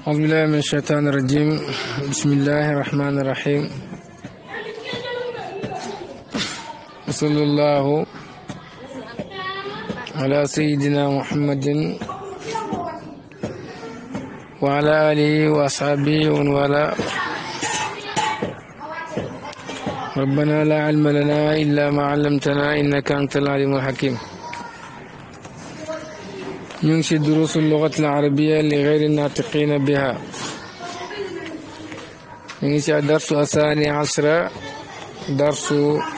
أعوذ بالله من الشيطان الرجيم بسم الله الرحمن الرحيم وصلى الله على سيدنا محمد وعلى آله وأصحابه ومن والاه ربنا لا علم لنا إلا ما علمتنا إنك أنت العليم الحكيم ينشي دروس اللغة العربية لغير الناطقين بها ينشي درس الثاني عشرة درس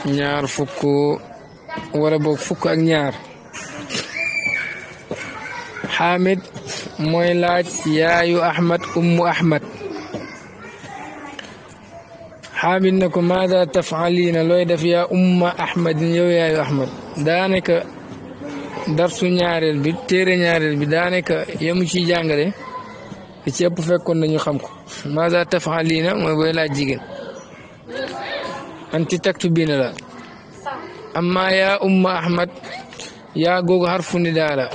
نيار فكو وربوك فكو أك نيار حامد مويلات يو أحمد أم أحمد حامد نكو ماذا تفعلين لويدا فيها أم أحمد يو يو أحمد دانك darsu ñaareel bi téere ñaareel bi daanaka yemu ciy jàngale li ci ëpp fekkoon nañu xam ko maza tafalina mooy booy laaj jigéen anti taktu biina la amma yaa umma ahmad yaa googu xarfu nidaa la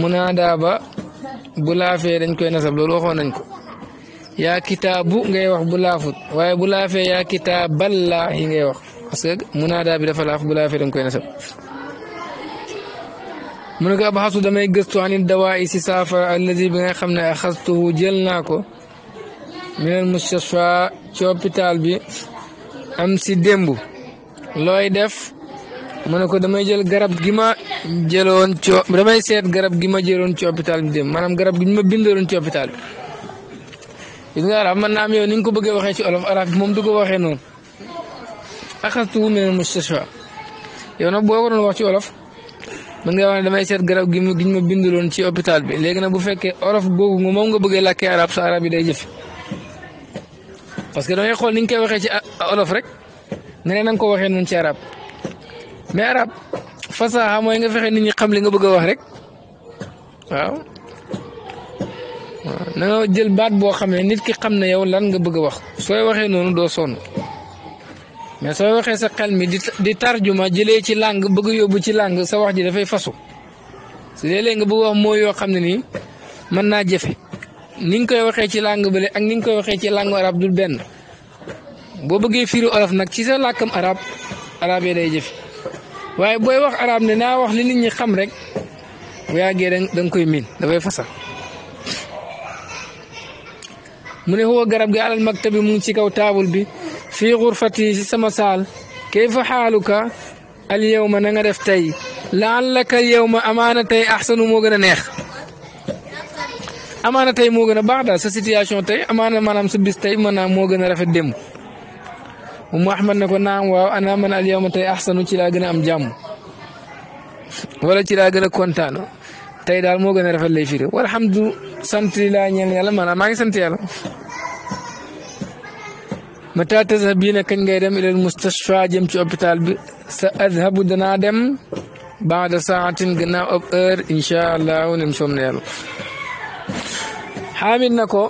munaada ba bu laafee dañ koy nasab loolu waxoon nañ ko yaa kitaabu ngay wax bu laafut waaye bu laafee yaa kitaaballaahi ngay wax parce que munaada bi dafa laaf bu dañ koy nasab mu ne ko abxasu damay gëstu anit dawaa yi si saafara alladi bi nga xam ne axastuhu jël naa ko minal mustashfa ci hôpital bi am si démb looy def mu ne ko damay jël garab gi ma jëloon ci damay seet garab gi ma jëloon ci hôpital bi démb maanaam garab gi ma bindaloon ci hôpital bi gis nga arab man naa am yow ni nga ko bëggee waxee ci olof arab bi moom du ko waxee noonu axastuhu minal mustashfa boo ko wax ci olof mën nga wax ne damay seet garab gi mu giñ ma binduloon ci opital bi léegi nag bu fekkee orof googu nga moom nga bëggee làkkee arab sa arab yi day jëf parce que dangay xool ni nga koy waxee ci olof rek nga ne ko waxee noonu ci arab mais arab fasaha mooy nga fexe nit ñi xam li nga bëgg a wax rek waaw na jël baat boo xamee nit ki xam ne yow lan nga bëgg a wax sooy waxee noonu doo sonn. mais soo waxee sa xel mi di di tarjuma jëlee ci langue bëgg yóbbu ci làng sa wax ji dafay fasu su léeg-léeg nga bëgg wax mooy yoo xam ne nii mën naa jëfe ni koy waxee ci langue bële ak ni nga koy waxee ci langue arab dul benn boo bëggee firi olof nag ci sa làkkam arab arab yi day jëfe waaye booy wax arab ne naa wax li nit ñi xam rek bu yàggee da nga koy miin dafay fasa mu ne xoo garab gi alal maktabi mu ngi ci kaw taabul bi fii xurfati si sama saal kayfa xaaluka al yawma na nga def tey laallaka yawma amaana tey axsanu moo gën a neex amaana tey moo gën a baax daal sa situation tey amaana maanaam sa bis tey mën naa moo gën a rafet démb mu umm Ahmad ne ko naam waaw ana man al yawma tey axsanu ci laa gën a am jàmm wala ci laa gën a kontaan tey daal moo gën a rafet lay firi walhamdu sant laa ñeel yàlla maanaam maa ngi sant yàlla mata tazhabina kañ ngay dem ilal mustashfa jëm ci hôpital bi sa adhabu danaa dem baada saatin gannaaw ab heure incha allahu nem soom na yàlla xaamit na ko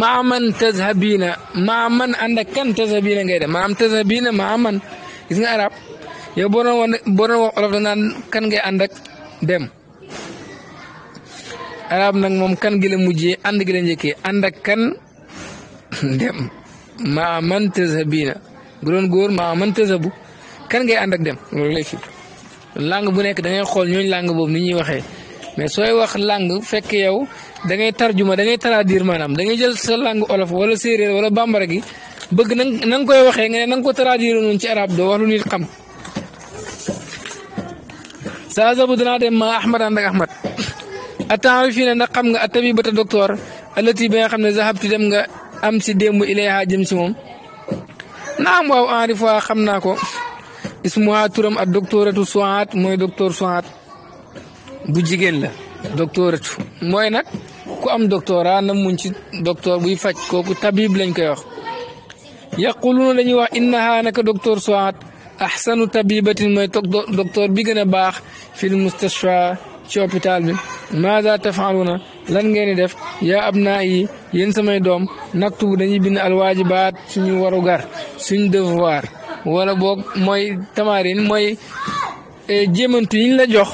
maa man tazhabina maa man ànd ak kan tazhabina ngay dem maam tazhabina maa man gis nga arab yow boo doon olof danaan kan ngay ànd ak dem arab nag moom kan gi la mujjee ànd gi la njëkkee kan dem ma man tazhabina bu doon goor ma man tazhabu kan gay ànd ak dem loolu lay fi langue bu nekk da ngay xool ñooñu langue boobu ni ñuy waxee mais sooy wax langue fekk yow da ngay tarjuma da ngay traduire maanaam da ngay jël sa langue olof wala séeréer wala bambara gi bëgg na na koy waxee nga ne na nga ko traduire noonu ci arab doo wax lu nit xam. saa zabu danaa dem ma Ahmad ànd ak Ahmad attaarifina ndax xam nga attabi bata docteur alati bi nga xam ne zahabti am ci démb ilayha jëm ci moom naam waaw enri fois xam naa ko ismuha turam ak doctoratu Suat mooy docteur Suat bu jigéen la doctoratu mooy nag ku am doctorat na muñ ci docteur buy faj kooku tabib lañ koy wax yaquluna dañuy wax innaha naka docteur Suat ahsanu tabibatin mooy docteur bi gën a baax fil mustashfa ci hôpital bi maada tafaaluna lan ngeen di def yaa abnaa yi yéen samay doom naktubu dañuy bind alwaajibaat suñu warugar suñ devoir wala boog mooy tamarin mooy e, jéemantu yi la jox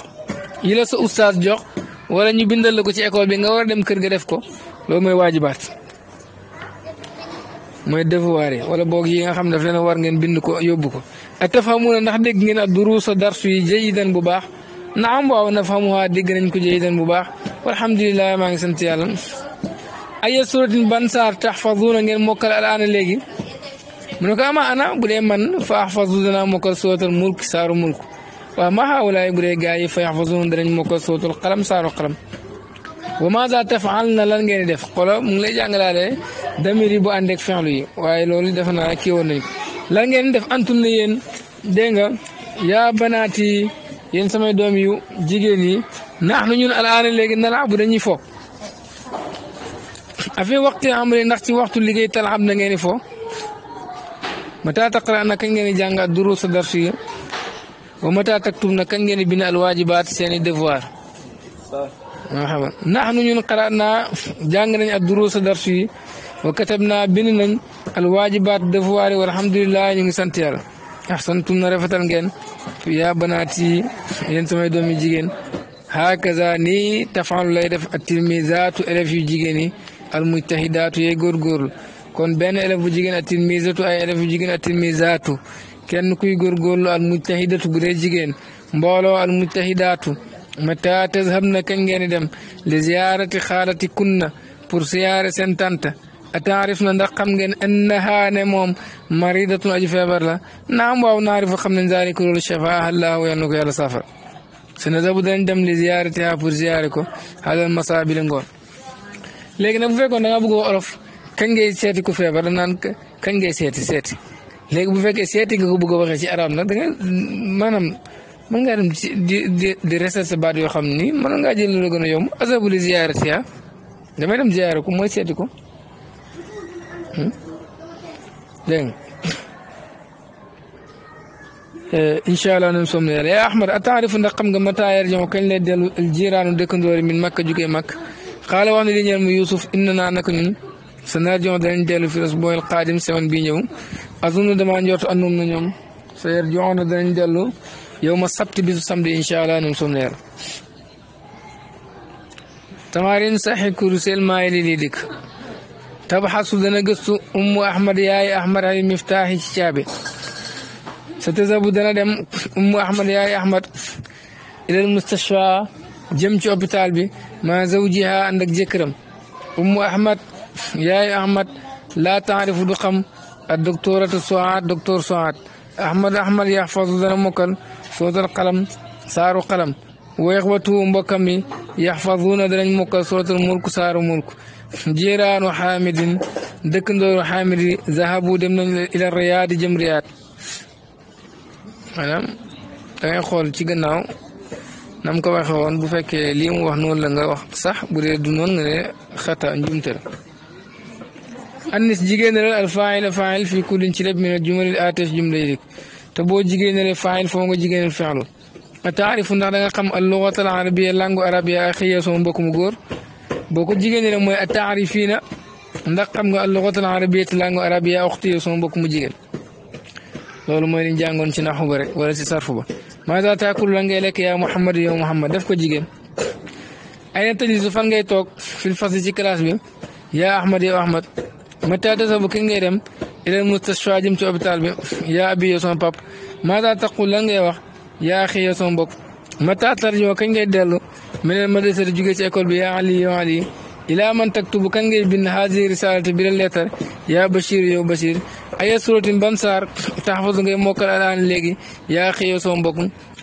yi la sa ustaas jox wala ñu bindal la ko ci école bi nga war a dem kër ga def ko loolu mooy waajibaat mooy devoir yi wala boog yi nga xam daf leen war ngeen bind ko yóbbu ko ak tafamuna ndax dégg ngeen ad duruusa darsu yi jayidan bu baax naam waaw nafhamuha dégg nañ ko jeydan bu baax walhamdulilah maa ngi sant yàlla aya suratin ban saar taxfazuuna ngeen mokkal alaana léegi mu ne ko ama ana bu dee man fa axfazu danaa mokkal suratal mulk saaru mulk waaw ma haawulaay bu dee gaa yi fa yaxfazuuna danañ mokkal suratal qalam saaru qalam wa maada tafaal na lan ngeen di def xolo mu ngi lay jàngalaale damir yi bu ànd ak fexlu yi waaye loolu defe naa kii woon nañ ko lan ngeen def antum ne yéen dégg nga yaa banaati yéen samay doom yu jigéen yi naax na ñun alaana léegi nalaa bu dañuy fo afi waxtu amri ndax ci waxtu liggéey talxam da ngeen di fo mata taqra na kañ ngeen di jàngaat duruus sa darsu yi wa mata taktub na kañ ngeen di bind alwaajibaat seen i devoir marxaban naax na ñun xalaat naa jàng nañ ak duruus sa darsu yi wa katab naa bind nañ alwaajibaat devoir yi walhamdulilah ñu ngi sant yàlla ahsantum na rafetal ngeen yaa banaati yéen samay doom yu jigéen hakaza nii tafaalu lay def at-tilmizaatu élèves yu jigéen yi al-mujtahidaatu yee góorgóorlu kon benn élève bu jigéen at-tilmizaatu ay élèves yu jigéen kenn kuy góorgóorlu al-mujtahidatu bu dee jigéen mbooloo al-mujtahidaatu mata tazhabna kañ ngeen di dem li ziyaarati xaalati kunna pour siyaare seen اتعرف نان رقم ген انها نموم مريضة اجي فيبر لا نعم واو نعرف خم نان زاري كل الشفاء الله وينوك يالا سافر سنذهب دين دم لزيارتها فور زياركو هذا المصابي لنقول لكن ابو فيكو نغا بغو عرف كان جاي سيتي كو فيبر نان كان جاي سيتي سيتي لكن ابو فيكو سيتي كو بغو بغو شي عرام نا دنگا مانم من غير دي دي ريسيرش بعد يو خامني من غا جيل لو غنا يوم ازابو لزيارتها دمدم زياركو موي سيتيكو Hmm? dégg nga eh, incha allah nu mu soog yàlla yaa Ahmad ataarifu ndax xam nga mata yarjiu kañ lay dellu jiraanu dëkkandoori min makka jugee makk xaala wax na li ñeel mu Youssouf inna naa naka ñun sa narjiu danañ dellu fi rasbooyal xaadim semaine bii ñëw azunu damaa njort annum na ñoom sa yarjiuna danañ dellu yow ma sabti bisu samedi incha allah nu mu soog yàlla tamaarin saxi kurusel maa yi lii dikk تبحث دنجس أم أحمد يا أحمد علي مفتاح الشابي ستذهب دنا أم أحمد يا أحمد إلى المستشفى جمت أبتال بي مع زوجها عندك جكرم أم أحمد يا أحمد لا تعرف رقم الدكتورة سعاد دكتور سعاد أحمد أحمد يحفظ دنا مكان صوت القلم صار قلم وإخوته أم بكمي يحفظون دنا مكان صوت الملك صار ملك jiiraanu xaamidin dëkkandooru xaamidi zahabu dem nañ ila riyaadi jëm riyaad maanaam dangay xool ci gannaaw nam ko waxe woon bu fekkee lii mu wax noonu la nga wax sax bu dee du noonu nga ne xata njumte la jigéen na la al faayil faayil fii kullin ci lépp min al jumalil aatee jumla yi boo jigéen na la faayil foo nga jigéenal fexlu a taarifu ndax da xam al al arabiya langue arabiya axiya sama mbokk mu góor boo ko jigéen rek mooy a taarifiina ndax xam nga allugatul arabiyat langue arabia oxti yow sama mbokk mu jigéen loolu mooy liñ jàngoon ci naxu ba rek wala ci sarfu ba maada taakul la ngay lekk yaa Muhammad yow Muhammad def ko jigéen ay na tajlisu fan ngay toog fil fasli ci classe bi yaa Ahmad yow Ahmad mata tasabu ki ngay dem ilal mustashfa jëm ci hôpital bi yaa abi yow sama pap maada taqul la ngay wax yaa axi yow sama mbokk mata tarjuma kañ ngay dellu mu ne madrasati jóge ci école bi yaa ali yow ali ilaa man taktubu kañ ngay bind haasi risalati bi la leetar yaa bachir yow bachir aya suratin ban saar taxfasu mokkal alaan léegi yaa xëy yow sama mbokk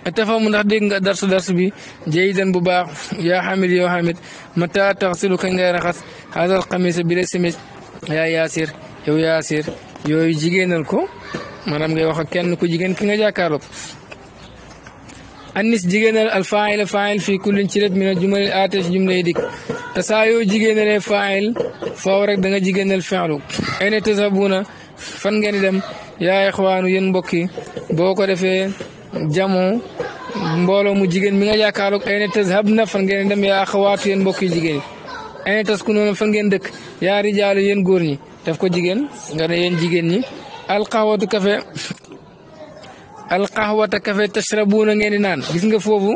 atafamu ndax dégg nga darsu darsu bi jayidan bu baax yaa xamid yow xamid mata taxsilu kañ ngay raxas haasal xamisa bi simis yaa yaasir yow yaasir yooyu jigéenal ko maanaam ngay wax kenn ku jigéen ki nga jàkkaarloo annis jigéenal al faayil faayil fii kullin ci ret min al jumalil aate ci jumlay dikk te saa yoo jigéenalee faayil faaw rek da nga jigéenal fi'lu ay ne na fan ngeen di dem yaa ixwaanu yéen mbokk yi boo ko defee jamu mbooloo mu jigéen mi nga yaakaaroog ay ne tazhabna fan ngeen dem yaa axawaatu yéen yi jigéen ay ne taskunuuna fan ngeen dëkk yaa rijaalu yéen góor ñi daf ko jigéen nga ne yéen jigéen ñi alqahwatu kafe alqahwata kafe tashrabuuna ngeen di naan gis nga foofu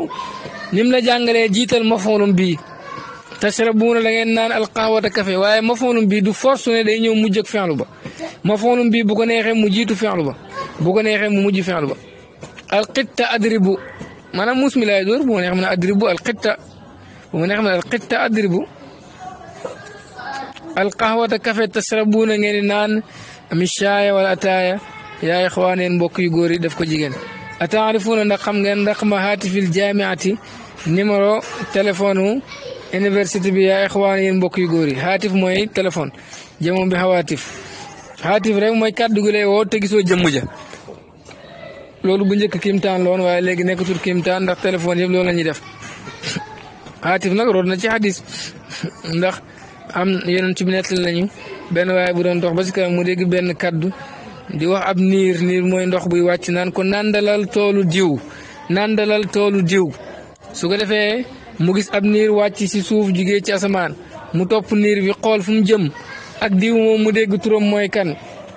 nim la jàngalee jiital mafoolum bii tashrabuuna da ngeen naan alqahwata kafe waaye mafoolum bii du force ne day ñëw mujj ak fi'lu ba mafoolum bii bu ko neexee mu jiitu fi'lu ba bu ko neexee mu mujj fi'lu ba alqitta adribu maanaam muus mi laay dóor bu ma neex ma ne adribu alqitta bu ma neex ma ne alqitta adribu alqahwata kafe tashrabuuna ngeen naan ami wala ataaya yaa ixwaaneen mbokk yu góor yi def ko jigéen ataarifuuna ndax xam ngeen raqma haatifil jaamiati numéro téléphone université bi yaa ixwaan yéen mbokk yu góor yi haatif mooy téléphone jëmoom bi hawaatif haatif rek mooy kàddu gu lay woo te gisoo jëmm ja loolu bu njëkk kiimtaan loon waaye léegi nekkatul kiimtaan ndax téléphone yëpp loolu la ñuy def haatif nag root na ci hadis ndax am yonent bi nettali nañu benn waaye bu doon dox ba si mu dégg benn kàddu di wax ab niir niir mooy ndox buy wàcc nan ko nandalal toolu diw nàndalal toolu diw su ko defee mu gis ab niir wàcc ci suuf jugee ci asamaan mu topp niir bi xool fu mu jëm ak diw moom mu dégg turam mooy kan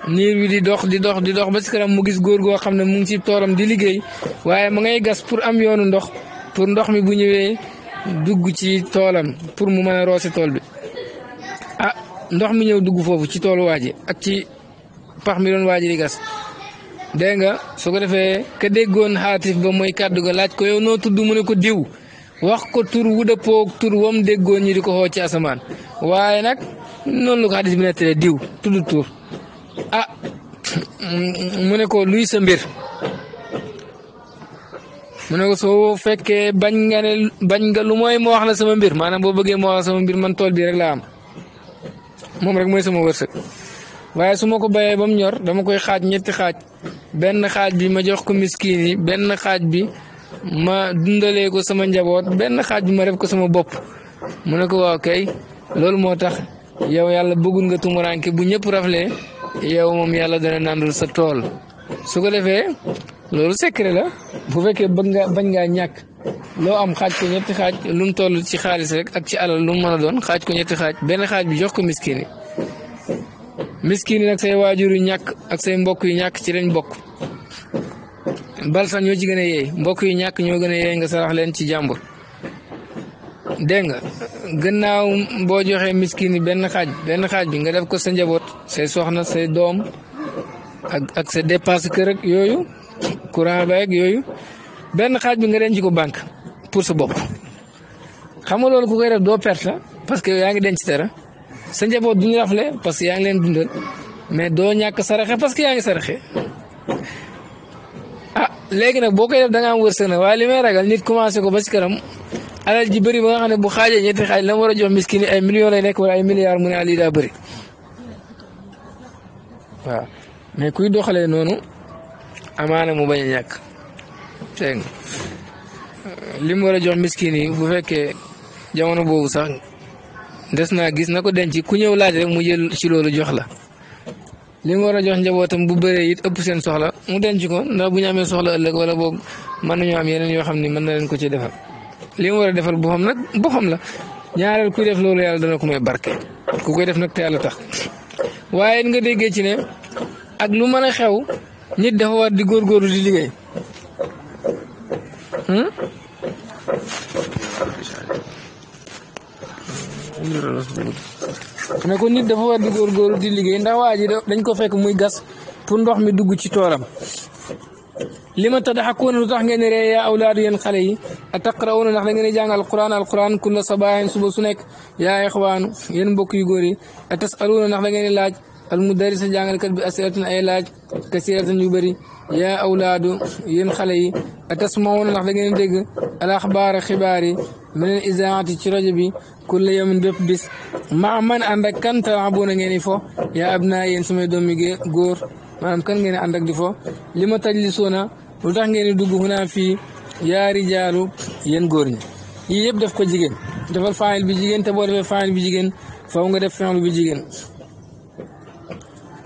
niir bi di dox di dox di dox ba si kanam mu gis góor goo xam ne mu ngi ci toolam di liggéey waaye mu ngay gas pour am yoonu ndox pour ndox mi bu ñëwee dugg ci toolam pour mu mën a roose tool bi a ah, ndox mi ñëw dugg foofu ci toolu waaji ak ci pax mi doon waji di gas dégg nga su ko defee ka déggoon xaatif ba mooy kàddu ga laaj ko yow noo tudd mu ne ko diw wax ko tur wu tur wam déggoon ñi di ko xoo ci asamaan waaye nag noonu lu ko xadis bi tere diw tudd tur ah mu ne ko luy sa mbir mu ne ko soo fekkee bañ nga ne bañ nga lu mooy moo wax la sama mbir maanaam boo bëggee wax sama mbir man tool bi rek laa am moom rek mooy sama wërsëg waaye su ma ko bayee ba mu ñor dama koy xaaj ñetti xaaj benn xaaj bi ma jox ko miskin benn xaaj bi ma dundalee ko sama njaboot benn xaaj bi ma def ko sama bopp mu ne ko waaw kay loolu moo tax yow yàlla bëggul nga tumuraanke bu ñëpp raflee yow moom yàlla dana nandul sa tool su ko defee loolu secret la bu fekkee bëgg nga bañ ngaa ñàkk loo am xaaj ko ñetti xaaj lu mu toll ci xaalis rek ak ci alal lu mu mën a doon xaaj ko ñetti xaaj benn xaaj bi jox ko miskin miskin yi nag say waajur yu ñàkk ak say mbokk yu ñàkk ci lañ bokk bal sax ñoo ci gën a yeey mbokk yu ñàkk ñoo gën a yeey nga sarax leen ci jàmbur dégg nga gannaaw boo joxee miskin yi benn xaaj benn xaaj bi nga def ko sa njaboot say soxna sey doom ak ak sa dépense kër yooyu courant ba yooyu benn xaaj bi nga denc ko banque pour sa bopp xam nga loolu ku koy def doo perte parce que yaa ngi denc dara. sa njaboot duñu rafle parce que yaa ngi leen dundal mais doo ñàkk saraxe parce que yaa ngi saraxe ah léegi nag boo koy def da ngaa am wërsëg nag waaye li may ragal nit commencé ko ba ci kanam alal ji bëri ba nga xam ne bu xaajee ñetti xaaj la war a jox miskin ay millions lay nekk wala ay milliards mu ne ah lii daa bëri waaw mais kuy doxalee noonu amaana mu bañ a ñàkk dégg nga euh, war a jox miskin yi bu fekkee jamono boobu sax. des naa gis na ko denc ku ñëw laaj rek mu jël ci loolu jox la li mu war a jox njabootam bu bëree it ëpp seen soxla mu denc ko ndax bu ñu amee soxla ëllëg wala boog mën nañoo am yeneen yoo xam ne mën na leen ko ci defal li mu war a defal boppam nag boppam la ñaareel kuy def loolu yàlla dana ko may barke ku koy def nag te yàlla tax waaye nga déggee ci ne ak lu mën a xew nit dafa war di góorgóorlu di liggéey hmm? ne ko nit dafa war di góorgóorlu di liggéey ndax waa ji dañ ko fekk muy gas pour ndox mi dugg ci toolam li ma tadaxakuuna lu tax ngeen ne ree yaa awlaadu yéen xale yi a taqrawuna ndax da ngeen di jàng alquran alquran kulla sabaahin suba su nekk yaa ixwaanu yéen mbokk yu góor yi a tasaluuna ndax da ngeen di laaj al mudarris sa jàngalkat bi asiratan ay laaj kasiratan yu bëri yaa awlaadu yéen xale yi atasmauna ndax da ngeen dégg al axbaara xibaar yi meneen isaati ci rajo bi kulla yawmin bépp bis maa man ànd ak kan talabuna ngeen di fo yaa abnaa yéen samay doom yi góor maanaam kan ngeen ànd ak di fo li ma tajlisuuna lu tax ngeen di dugg hunaa fii yaa rijaalu yéen góor ñi yii yëpp def ko jigéen defal faayil bi jigéen te boo defee faayil bi jigéen faw nga def faayil bi jigéen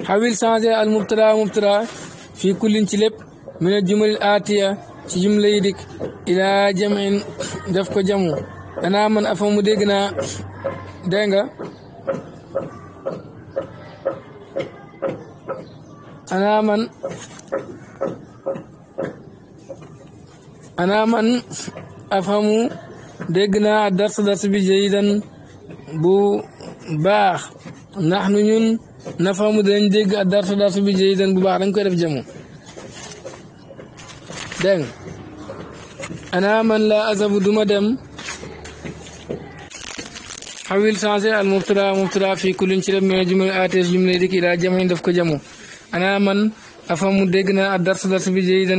xawil changé al mubtada mubtada fii kullin ci lépp min al jumalil aatiya ci jumla yi dikk ilaa jamin def ko jamu ana man afa mu dégg naa dégg nga ana man ana man afamu dégg naa dars dars bi jayidan bu baax ndax nu ñun na faamu danañ dégg ak dartu bi jëy den bu baax dañ koy def jamu dégg ana man la azabu duma dem xawil changé al mubtada mubtada fii def ko jamu ana dégg na ak dartu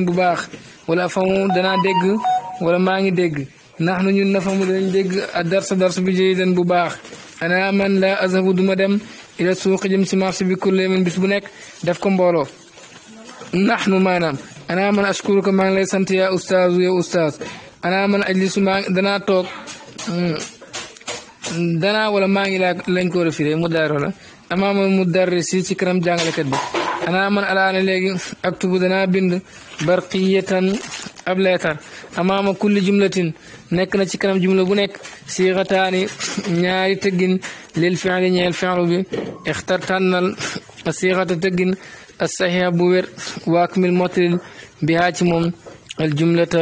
bu baax wala afamu danaa dégg wala maa ngi dégg ndax ñun nafamu danañ dégg ak dartu bi jëy den bu baax ana man la azabu duma dem ila suuq jëm si marché bi kulle min bis bu nekk def ko mbooloo nax nu maanaam ana man ashkuruka maa ngi lay sant yaa ustaaz yow ustaaz ana man ajlisu maa danaa toog mm, danaa wala maa ngi laa lañ ko war a firee mu daaro la amaa man mu darri si ci kanam jàngalekat bi ana man alaana léegi aktubu danaa bind barqiyatan ab leetar amaama kulli jumlatin nekk na ci kanam jumla bu nekk siixataani ñaari tëggin lil fiili ñeel fiilu bi ixtar tànnal asiixata tëggin asaxiya bu wér waak mil motalil bihaa ci moom al jumlata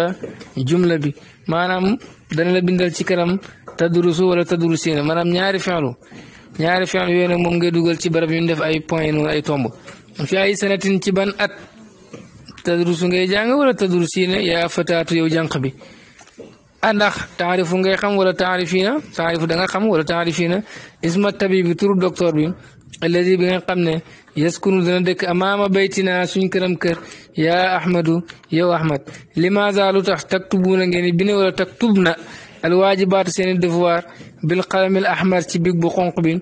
jumla bi maanaam dana la bindal ci kanam tadrusu wala tadrusiina maanaam ñaari fiilu ñaari fiilu yooyu moom ngay dugal ci barab yu ñu def ay point noonu ay tomb fi sanatin ci ban at tadrusu ngay jàng wala tadrusiina yaa fataatu yow jànq bi ah ndax taarifu ngay xam wala taarifina taarifu da nga xam wala taarifina isma tabibi turu docteur bi alladi bi nga xam ne yaskunu dana dëkk amaama baytina suñ këram kër yaa ahmadu yow ahmad limaza lu tax taktubuuna ngeen bine wala taktubna alwaajibaat seeni devoir bil qalamil ahmar ci big bu xonq bi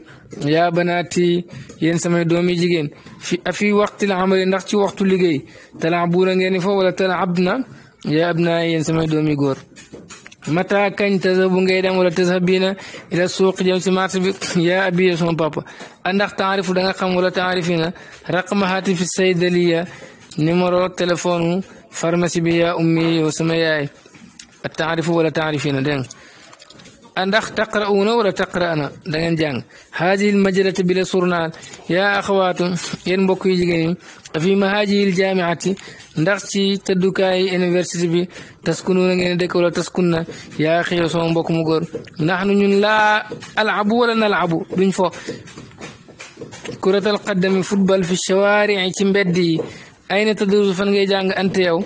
yaa banaati yéen samay doomi jigéen fi afi waxtil amali ndax ci waxtu liggéey talabuuna ngeen fo wala talabna yaa abnaa yéen samay doomi góor متى كان تذهب غيدا ولا تذهبين الى السوق جيمس مارتب يا ابي سون بابا عندك تعرف دا خم ولا تعرفين رقم هاتف الصيدليه نيمورو تليفون فارماسي بيا امي وسمياي التعرف ولا تعرفين دين ndax taqra'uuna wala taqra'na da ngeen jàng haadihil majalati bi la surnaat yaa axawaatu yéen mbokk yu jigéen yi afi ma haadihil jaamiati ndax ci tëddukaay université bi taskunuuna ngeen dëkk wala taskunna yaa xëy sama mbokk mu góor naxnu ñun laa alabu wala nalabu duñ fo kuratal qaddami football fi shawaari ci mbedd yi ay na tadrusu fan ngay jàng ante yow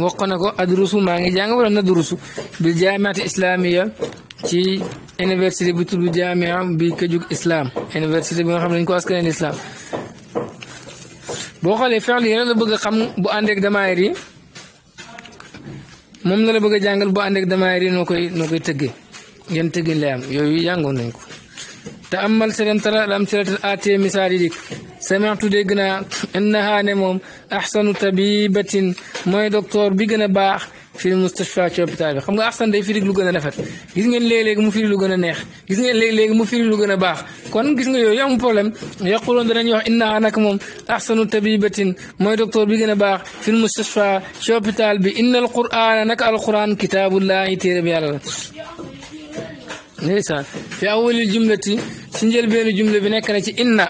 wax na ko adrusu maa ngi jàng wala nadrusu bil jaamiati islamiya ci université bi tudd jaamia bi këjug islaam université bi nga xam ne dañ ko askaneen islam boo xoolee fexl yi la bëgg a xam bu àndeek damaayir yi moom la la bëgg a jàngal bu àndeek damaayir yi noo koy noo koy tëggee yan tëggin lay am yooyu jàngoon nañ ko te amal sedem tara lam at misaal yi sami'tu dégg naa innaha ne moom axsanu tabibatin mooy docteur bi gën a baax fii mustashfa ci hôpital bi xam nga axsan day firi lu gën a rafet gis ngeen léeg-léegi mu firi lu gën a neex gis ngeen léeg-léegi mu firi lu gën a baax kon gis nga yooyu amul problème yaquloon danañuy wax innaha nag moom axsanu tabibatin mooy docteur bi gën a baax fii mustashfa ci hôpital bi inna al qur'ana nag al qur'an kitaabullahi téere bi yàlla la ndeysaan fi awalil jumlati ci njëlbeenu jumla bi nekk na ci inna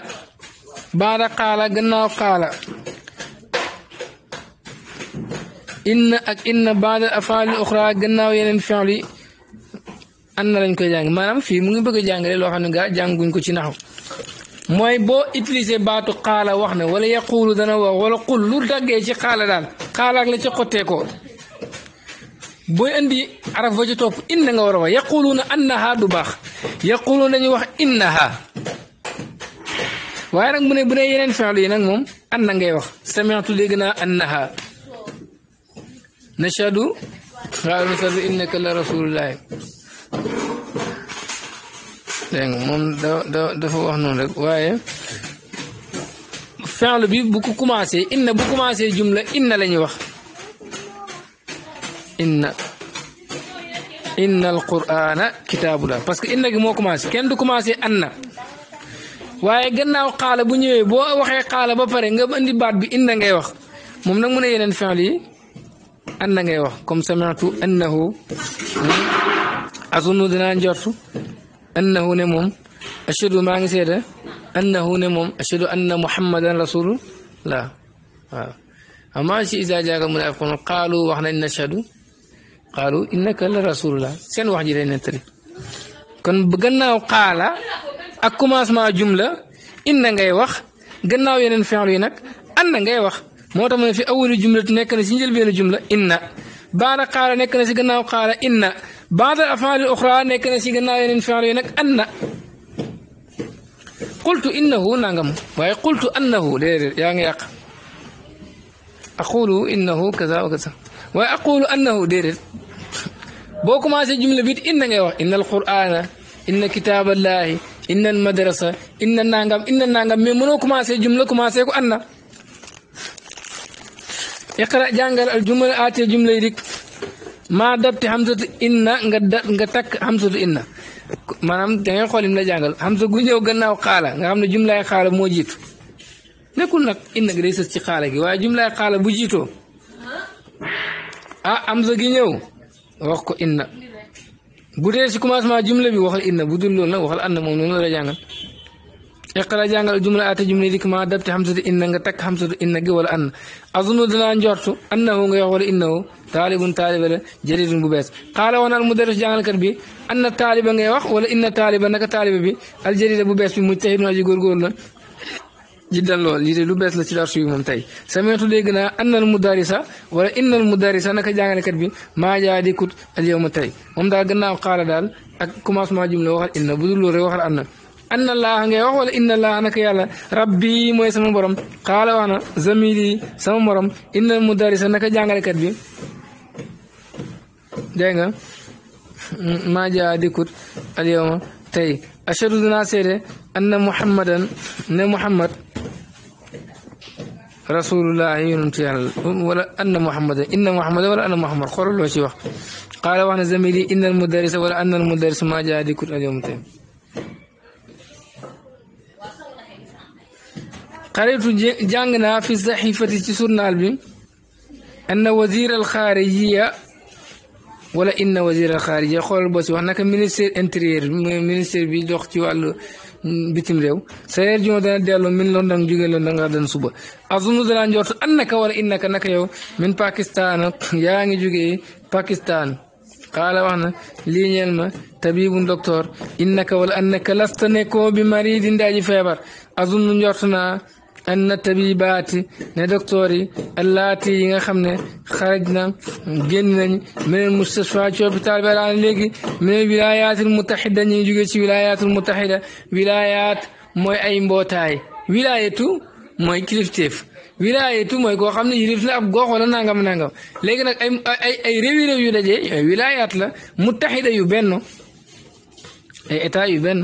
baada xaala gannaaw xaala inna ak inna baada afaali uxra gannaaw yeneen fiil yi an na lañ koy jàng maanaam fii mu ngi bëgg a jàngale loo xam ne gaa jànguñ ko ci naxaw mooy boo utiliser baatu xaala wax na wala yaquulu dana wax wala qul lu daggee ci xaala daal xaalaak la ci xottee ko booy indi araf ba ca topp inna nga war a wax yaquuluuna annaha du baax yaquuluuna dañuy wax innaha waaye nag mu ne bu dee yeneen fexlu yi nag moom an na ngay wax sami'tu dégg naa annaha nashadu waaw nashadu innaka la rasulullahi moom dafa wax noonu rek waaye fexlu bi bu ko commencé inna bu commencé jumla inna la ñuy wax inna inna al qur'ana kitaabu la parce que inna gi moo commencé kenn du commencé anna waaye gannaaw xaala bu ñëwee boo waxee xaala ba pare nga indi baat bi inna ngay wax moom nag mu ne yeneen fiil yi anna ngay wax comme sami'tu annahu azunnu dinaa anna annahu ne moom ashadu maa ngi seeda annahu ne moom ashadu anna muhammadan rasulullah waaw amaa si isa jaaka munaafiqun qaalu wax nañ nashadu qaalu innaka la rasulullah seen wax ji lay nettali kon gannaaw xaala ak commencement jumla inna ngay wax gannaaw yenen fi'l yi nag ngay wax motam fi awali jumla nek na si ben jumla inna ba'da qala nek na ci gannaaw qala inna ba'da af'al ukhra nek na ci gannaaw yenen fi'l yi nag anna qultu innahu nangam waaye qultu annahu déedéet yaa ngi yàq aqulu innahu kaza wa kaza waaye aqulu annahu déedéet boo commencé jumla bi it inna ngay wax inna alqur'ana inna innal madrasa inna nangam inna nangam mais mënoo commencé jumla commencé ko anna iqra jàngal al jumla aatee jumla yi dik maa dabti hamsatu inna nga da nga takk hamsatu inna maanaam da ngay xool lim la jàngal hamsa gu ñëw gannaaw xaala nga xam ne jumlaay xaala moo jiitu nekkul nag inna gi day sës ci xaala gi waaye jumlaay xaala bu jiitoo ah hamsa gi ñëw wax ko inna bu dee si commencement jumla bi waxal inna bu dul loolu nag waxal anna moom noonu la war a jàngal iqra jàngal jumla ata jumla dik ma dabti xamsatu inna nga takk xamsatu inna gi wala anna azunu danaa njortu annahu nga wax wala innahu taalibun taaliba la jadidun bu bees xaala woon al mudarris jàngalkat bi anna taaliba ngay wax wala inna taaliba naka taaliba bi al jadida bu bees bi mujtahidun aji góorgóorlu la jiddan lool lii de lu bees la ci darsu bi moom tey samitu dégg naa annal mudarisa wala innal mudarisa naka jàngalekat bi maa jaa dikkut al yawma tey daal gannaaw xaala daal ak commencement jumla waxal inna bu dul loolu rek waxal anna anna laaha ngay wax wala inna laaha naka yàlla rabbi mooy sama borom xaala wax zamili sama morom innal mudarisa naka jàngalekat bi dégg nga maa jaa dikkut al yawma tey ashadu dinaa seede anna muhammadan ne muhammad رسول الله ينتهل ولا أن محمد إن محمد ولا أن محمد قرر له شيء قال وانا زميلي إن المدرس ولا أن المدرس ما جاء دي كل اليوم تين قريت جانغنا في الصحيفة تسور نالبي أن وزير الخارجية ولا إن وزير الخارجية قرر بس وانا كمينيسير انترير مينيسير بيجوختي والو bitim réew sa yar juma dana dellu min London jóge London nga dan suba azunu dana njort annaka wala innaka naka yow min Pakistan yaa ngi jóge Pakistan qaala wax ma tabibun docteur innaka wala annaka lasta nekkoo bi maridin daaji feebar azunu njort naa anna tabibaati ne docteur yi allaati yi nga xam ne xaraj na génn nañ meneen mustasfa ci hôpital ba daan léegi meneen wilayatul mutahida ñu jógee ci wilayatul mutahida wilayat mooy ay mbootaay wilayatu mooy kilifteef wilaayatu mooy koo xam ne yilif la ab gox wala nangam nangam léegi nag ay ay ay réewi réew yu daje ay wilaayat la mutaxida yu benn ay état yu benn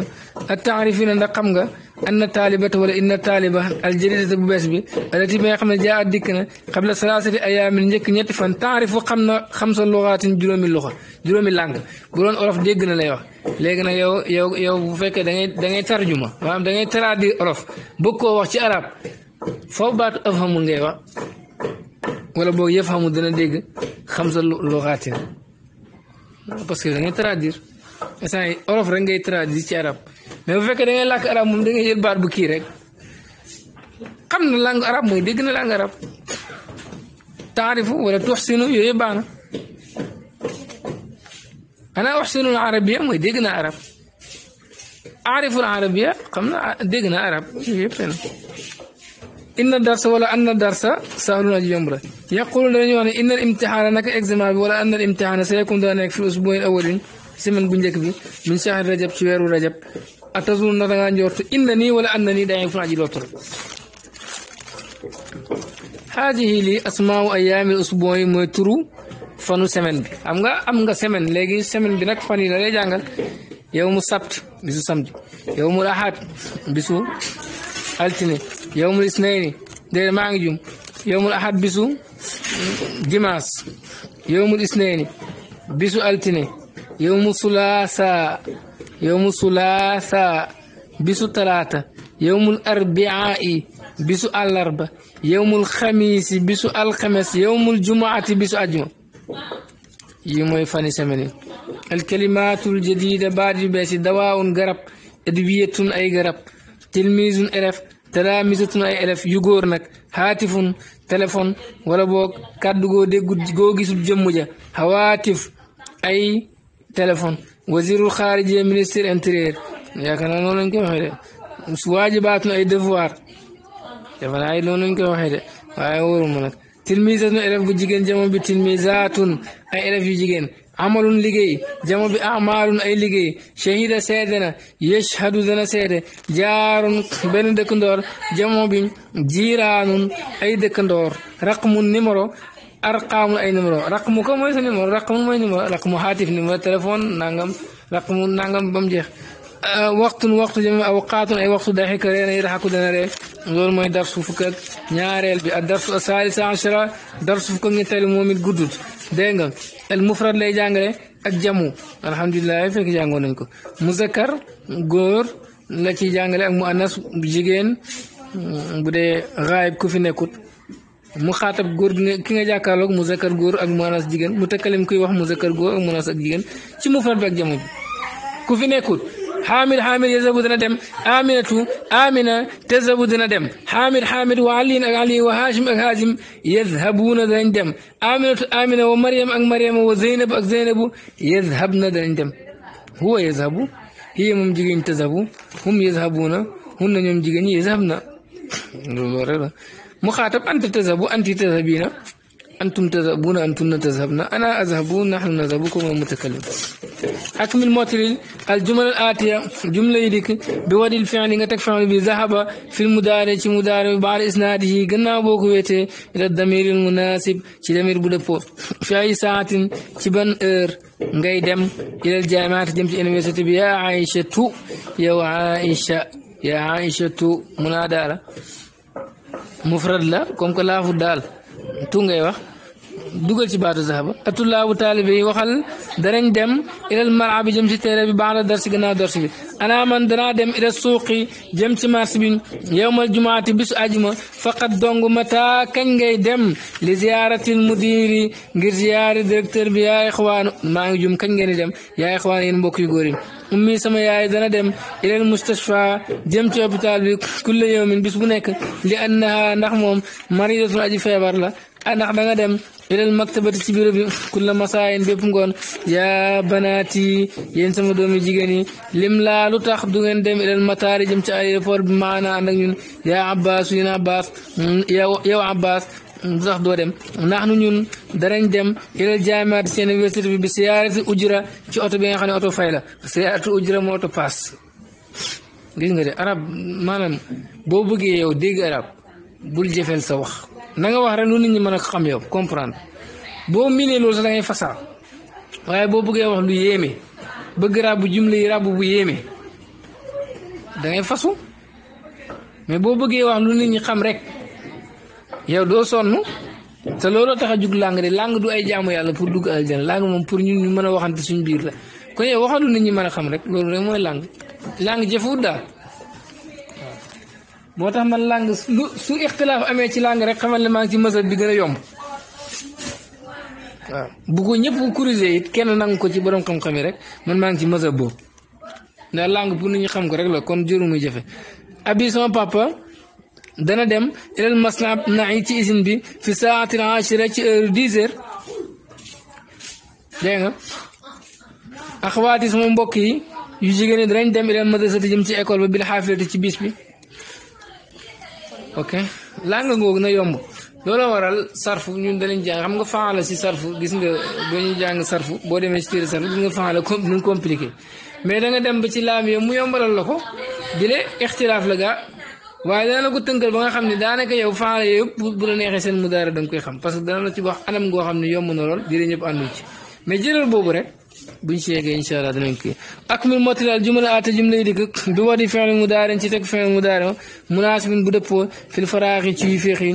ak taarifina ndax xam nga anna taalibata wala inna taaliba aljadidata bu bees bi alati bi nga xam ne jaa at dikk na xabla salaasati ayaamin njëkk ñetti fan taarifu xam na xam sa luxaatin juróomi loxo juróomi làng bu doon olof dégg na lay wax léegi nag yow yow yow bu fekkee da ngay da ngay tarjuma maanaam da ngay traduire olof bëgg koo wax ci arab foofu baatu afhamu ngay wax wala boog yëf xamul dana dégg xam sa luxaatin parce que da ngay traduire instant olof rek ngay traduire ci arab mais bu fekkee da ngay làkk arab moom da ngay jël baat bu kii rek xam na lang arab mooy dégg na lang arab taarifu wala tuux tuxsinu yooyu baax na ana wax uxsinu al arabiya mooy dégg na arab aarifu al arabiya xam na dégg na arab yooyu yëpp na إن الدرس ولا أن الدرس سهل aji yomb la yaqulun dañuy wax ne inna al imtixaana naka examen bi wala anna al imtixaana sayakun dana nekk شهر رجب awalin semaine bu a tasul na da ngaa njort inna nii wala anna nii dañuy faral di lottal haadihi lii asmaaw ayaami usboo yi mooy turu fanu semaine bi xam nga am nga semaine léegi semaine bi nag fan yi la lay jàngal yow mu sabt bisu samedi yow mu bisu altine yow mu isnayni déedéet maa ngi mu laxaat bisu dimanche yow mu bisu altine yow mu يوم الثلاثاء بسو ثلاثة يوم الأربعاء بسو الأربع يوم الخميس بسو الخميس يوم الجمعة بسو الجمعة يوم يفاني سمني الكلمات الجديدة بعد بس دواء غرب أدوية أي غرب تلميذ إرف تلاميذ أي إرف يغورنك هاتف تلفون ولا بوك كادو غو ديغو غيسو جمجا هواتف أي تلفون وزير الخارجية مينيستير انترير يا كان نون نك واخي دي واجباتنا اي ديفوار يا فان اي نون نك واخي دي واي وورو منك تلميذاتنا الف بو جيجن جامو بي تلميذات اي الف جيجن عمل لغي جامو بي اعمال اي لغي شهيد سيدنا يشهد زنا سيد جار بن دك ندور جامو اي دك رقم نيمرو ارقام اي نمبر رقم كو موي سني نمبر رقم موي نمبر رقم هاتف نمبر تليفون نانغام رقم نانغام بام جيخ أه، وقت وقت جمع اوقات اي وقت دحك رينا يرحكو دنا ري لول موي درس فوك نياريل بي الدرس الثالث عشر درس فوك ني تيل مومن غودوت دنگ المفرد لي جانغري اك جامو الحمد لله فيك جانغو نانكو مذكر غور لا تي جانغلي اك مؤنث جيجين بودي غايب كوفي نيكوت mu xaatab góor ki nga jàkkaarloog mu zakkar góor ak muannas jigéen mu koy wax mu zakkar góor ak muannas ak jigéen ci mufrad bi ak jamu bi ku fi nekkut xaamid xaamid yazabu dina dem aminatu amina tazabu dina dem xaamid xaamid wa aliin ak ali wa haashim ak haashim yazhabuuna danañ dem aminatu amina wa mariam ak mariama wa zeynab ak zeynabu na danañ dem huwa yazhabu hiya moom jigéen tazabu hum yazhabuuna hun na ñoom jigéen ñi yazhabna مخاطب أنت تذهب أنت تذهبين أنتم تذهبون أنتم تذهبنا أنا أذهبون نحن نذهبكم المتكلم أكمل موتري الجمل الآتية جملة يديك بواد الفعل نتك فعل بذهب في المدارة مدارة بعد إسناده قلنا بوك إلى الضمير المناسب شدمير بودبو في أي ساعة شبن إر ngay dem ilal jaamaat jëm ci université bi يا عائشة يا عائشة yaa aïchatu mufrad la comme que laafu daal tu ngay دوجل شيء بارز ذهب أتولى أبو طالب يوخل درن دم إلى المرعب جم شيء ترى ببعض درس جنا درس بي أنا من درا دم إلى السوق جم شيء مارس بين يوم الجمعة بس أجمع فقط دعو متى كن جاي دم لزيارة المدير غزيارة دكتور بيا إخوان ما يجوم كن جاي دم يا إخوان إن بوكي غوري أمي سما يا دنا دم إلى المستشفى جم شيء أبو طالب كل يوم بس بنك لأنها نحمم مريض راجي في بارلا Ah, ndax da nga dem ilal maktabati ci bureau bi kulla masaayin bépp ngoon yaa banaati yéen sama doomi jigéen yi lim laa lu tax du ngeen dem ilal mataari jëm ci aéroport bi maanaa ànd ak ñun yaa abbas yéen abbas mm, yow abbas mm, lu tax doo dem ndax nu ñun danañ dem ilal seen université bi bi siyaarati ujra ci oto bi nga xam ne oto fay la siyaarati ujra moo oto paas nga de boo bëggee yow dégg arab bul jëfeel sa wax na nga wax rek lu nit ñi mën a xam yow comprendre boo miinee loolu sax dangay ngay fasaa waaye boo bëggee wax lu yéeme bëgg ràbbu jumla yi ràbbu bu yéeme dangay fasu mais boo bëggee wax lu nit ñi xam rek yow doo sonn te looloo tax a jug langue de ay jaamu yàlla pour dugg aljana moom pour ñun ñu mën a waxante suñu biir la kon waxalu nit ñi mën a xam rek loolu rek mooy langue làng jëfuwut daal moo tax man langue lu su ixtilaaf amee ci langue rek xamal ne maa ngi ci mazhab bi gën a yomb waaw bu ko ñëpp corriger kenn nangu ko ci borom xam-xam yi rek man maa ngi ci mazhab boobu ndax langue pour nit ñu xam ko rek la kon jëru muy jafe abi sama papa dana dem ilal naa na'i ci usine bi fi saatil achira ci heure dix heures dégg nga axawaati sama mbokk yi yu jigéen ñi danañ dem ilal madrasati jëm ci école bi bil xaafilati ci bis bi ok laa nga ngoogu na yomb loola waral sarfu ñun dalañ jàng xam nga faala si sarfu gis nga ba ñuy jàng sarfu boo demee si téere sarfu gis nga faala nu compliqué mais da nga dem ba ci laam yow mu yombalal la ko di le ixtilaaf la gaa waaye dana la ko tënkal ba nga xam ne daanaka yow faala yëpp bu la neexee seen mudaara da nga koy xam parce que dana la ci wax anam goo xam ne yomb na lool jërë ñëpp ànduñ ci mais jëlal boobu rek buñ si yeggee allah danañ kii akmil motilal jumla aata jumla yi dikk bi war di fi'l mudaarin ci teg fi'l mudaarin munaasibin bu dëppoo fil faraaxi ci féex yi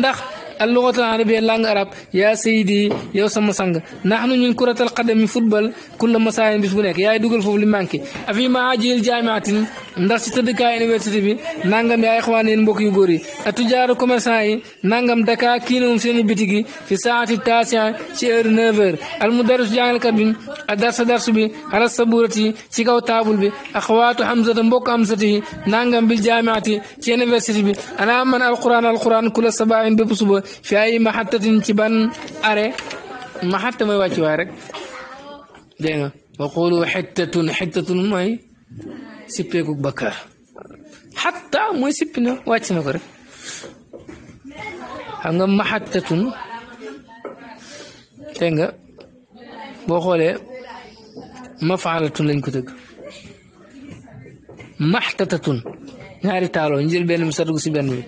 ndax اللغة العربية لانغ عرب يا سيدي يا سما سانغ نحن من كرة القدم فوتبال كل مساء بس بنك يا دوغل فوف لي مانكي أفي ما عاجل جامعة ndax ci tëddkaa université bi nangam yaa ixwaan yéen mbokk yu góor yi atujaaru commerçant yi nangam daka kii na moom seen bitig yi fi saati taasiya ci heure neuf heures al mudarris jàngalekat bi a darsa darsu bi ala saburati ci kaw taabul bi axawaatu hamzata mbokk hamzati yi nangam bil jaamiati ci université bi ana man alquran alquran kula sabaahin bépp suba fi ay maxattatin ci ban are maxatta mooy wàcc waay rek dégg nga wa qulu xittatun xittatun mooy sippeeku bakkaar xatta mooy sippi na wàcc na ko rek xam nga maxattatun dégg nga boo xoolee mafaalatun lañ ko tëgg maxtattatun ñaari taaloo ñu jël benn mu satug si benn bi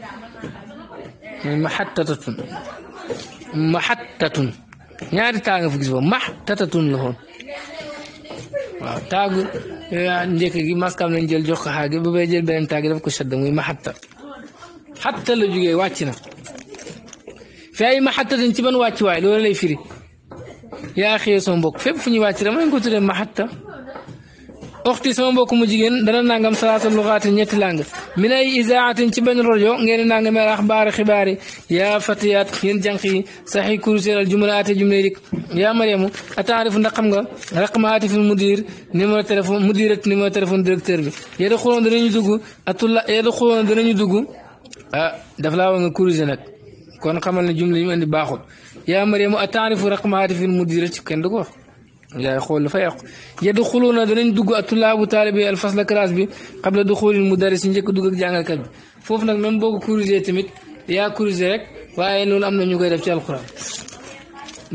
maxattatun maxattatun ñaari taa nga fi gis ba maxtattatun la woon waaw taagu eh, njëkk gi maskam lañ jël jox ko xaar gi ba bay jël beneen taag gi daf ko sedd muy maxatta xatta la jugee wàcc na fi ay ci ban wàcc waay loolu lay firi yaa xëyee sama mbokk fépp fu ñuy wàcc dama leen ko tuddee oxti sama mbokk mu jigéen dana nangam salaasa luxaati ñetti lang min ay isaatin ci benn rajo ngeen nangame axbaari xibaar yi yaa fatiyaat yéen jànq yi saxi kuruseeral jumlaate jumle dik yaa mariamu ataarifu ndax xam nga raqma haatifil mudir numéro téléphone mudirat numéro téléphone directeur bi yada xuloon danañu dugg atulla yada xuloon danañu dugg ah daf laa war nga kuruse nag kon xamal na jumla yi mu indi baaxul yaa mariamu ataarifu raqma haatifil mudirati kenn du ko yaay xool dafa yàqu yadxuluuna danañ dugg a ak tullaabu taalibe yi alfasla classe bi qabla duxulil mudarris yi njëkk dugg ak jàngalkat bi foofu nag même boo ko corrigé tamit yaa corrigé rek waaye loolu am na ñu koy def ci alquran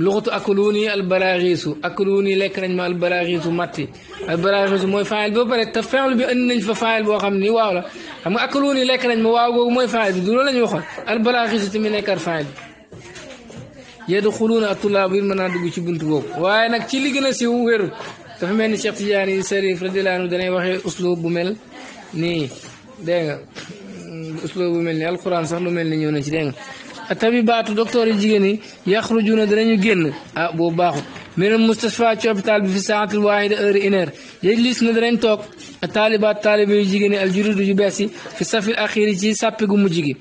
luxatu akluuni albaraaxiisu akluuni lekk nañ ma albaraaxiisu matti albaraaxiisu mooy faayil ba pare te faayil bi indi nañ fa faayil boo xam ni waaw la xam nga akluuni lekk nañ ma waaw googu mooy faayil bi du loolu la ñu waxoon albaraaxiisu tamit nekkaat faayil bi yadxuluuna atulaab yi mën naa dugg ci bunt boobu waaye nag ci li gën a siiw wérut dafa mel ni Cheikh Tidiane Sarif radiyallaahu anhu danay waxee usloob bu mel nii dégg nga mm, usloob bu mel nii alquran sax ni ñëw na ci dégg nga tabibaatu docteur yi jigéen yi yaxrujuuna danañu génn ah boobu baaxut min mustashfa ci hôpital bi fi saatil waahida heure une heure yajlis na danañ toog taalibaat taaliba yu jigéen yi al jurudu ju bees yi fi safil axiir yi ci sàppi gu mujj gi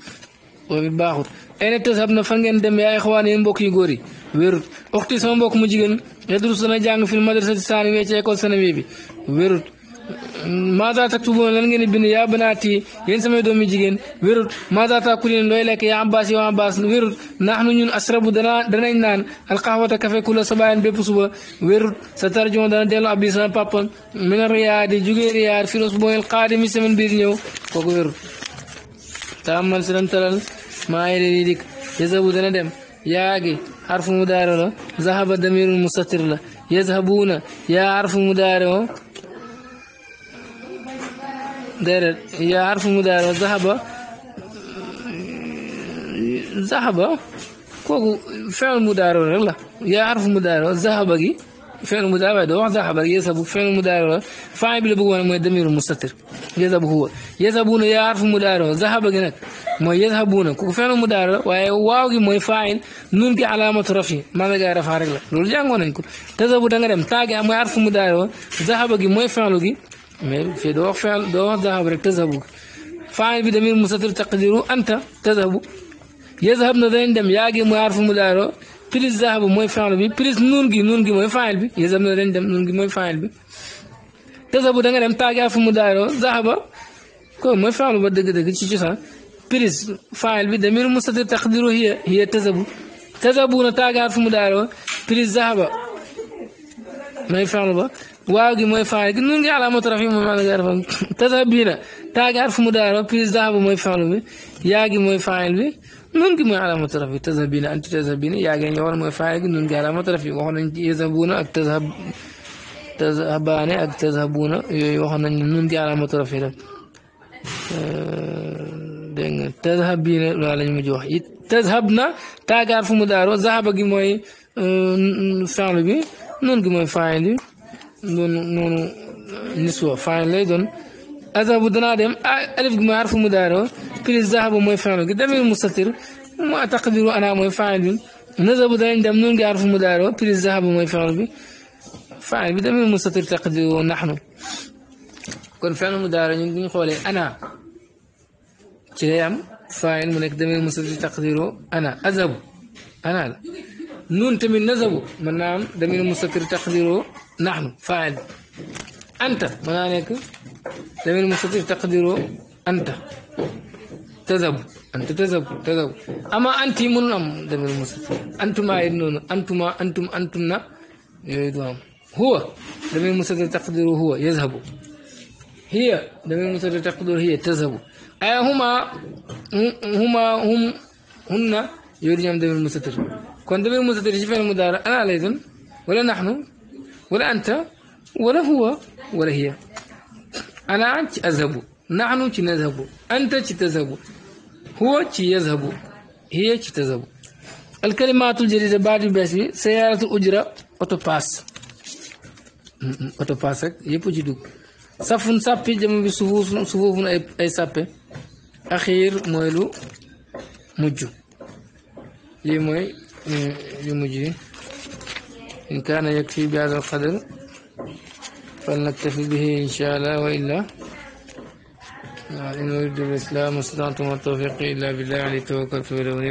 boobu baaxut ene tasab na fan ngeen dem yaay xawaan yéen mbokk yu góor yi wérut sama mbokk mu jigéen yadrus dana jàng fil madrasati saaniwiya ci école sanawi bi wérut maada taktubuuna ngeen di bind yaa banaati yéen samay doom yu jigéen wérut maada taakuliin looy lekk yaa abbas yow abbas wérut nahnu ñun asrabu dana naan naan alqahwata kafe kula sabaayan bépp suba wérut sa tarjon dana dellu abi sama papa mina riyaadi jugee riyaad filos booyel qaadimi semaine biir ñëw kooku wérut taamal si lan talal ما يريدك يذهب دندم ياغي حرف مضارع ذهب ضمير مستتر له يذهبون يا حرف مضارع دار يا حرف مضارع ذهب ذهب كوكو فعل مضارع لا يا حرف مضارع ذهب فعل مضارع ده ذهب يذهب فعل مضارع فاعل بلبغوا ضمير مستتر يذهب هو يذهبون يا حرف مضارع ذهب جنك mooy yadhabuuna ku ko fexe mu daara la waaye waaw gi mooy faayil nuun gi alaamatu rafi mandargaay rafaa rek la loolu jàngoo nañ ko tazabu da nga dem taagi mooy arfu mu daara wa zahaba gi mooy fenlu gi mais fii doo wax fenlu doo wax zahaba rek tazabu gi faayil bi damir mustatir taqdiru anta tazabu yadhab na dañ dem yaa gi mooy arfu mu daara wa plus zahaba mooy fenlu bi plus nuun gi nuun gi mooy faayil bi yadhab na dañ dem nuun gi mooy faayil bi tazabu da nga dem taagi arfu mu daara wa zahaba ko mooy fenlu ba dëgg-dëgg ci cosaan بريز فاعل بضمير مستتر تقديره هي هي تذهب تذهب نتاج حرف مدار بريز ذهب ما يفعل به واو ما يفعل كن دي علامه رفع ما نعرف تذهب هنا تاج حرف مدار بريز ذهب ما يفعل به ياغي ما يفعل به نون كي ما علامه رفع تذهبين انت تذهبين ياغي نور ما يفعل نون دي علامه رفع وخنا يذهبون اك تذهب تذهبان اك تذهبون يوخنا نون dégg nga tazhab bii ne loolu la ñu mujj wax it tazhab na taagaar fu mu daaroo zahaba gi mooy euh, fenl bi noonu gi mooy faayil bi doon noonu euh, niswa faayil lay doon azhabu danaa dem alif gi mooy harfu mu daaroo plus zahaba mooy fenl gi damir mustatir mu taqdiru ana mooy faayil bi nazabu danañ dem noonu gi harfu mu daaroo plus zahaba mooy fenl bi faayil bi damir mustatir taqdiru nahnu kon fenl mu daaroo ñu ngi xoolee ana كلام فاعل منقدم المستتر تقديره أنا أذهب أنا لا. نون تمن نذهب من نعم ضمير مستتر تقديره نحن فاعل أنت من عليك ضمير مستتر تقديره أنت تذهب أنت تذهب تذهب أما أنت من نعم ضمير مستتر أنتما يدنون أنتما أنتم نا يريدون هو ضمير مستتر تقديره هو يذهب هي دمي مثل تقدر هي تذهب أي آه، هما هما هم هن يرجم دمي مستتر كون ضمير مستتر في المضارع أنا عليهم ولا نحن ولا أنت ولا هو ولا هي أنا أذهب نحن نذهب أنت تذهب هو يذهب هي تذهب الكلمات الجديدة بعد بس سيارة أجرة أوتو باس أوتو باسك يبوجي دوك safun sàppi jëm bi sufuuf sufuufun ay sàppe axiir mooy lu mujj lii mooy eh, lu mujj yi in kaana yakfi bi فلنكتفي به إن شاء الله وإلا إن أريد الإسلام استطعت ما إلا بالله عليه توكلت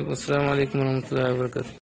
والسلام عليكم ورحمة الله وبركاته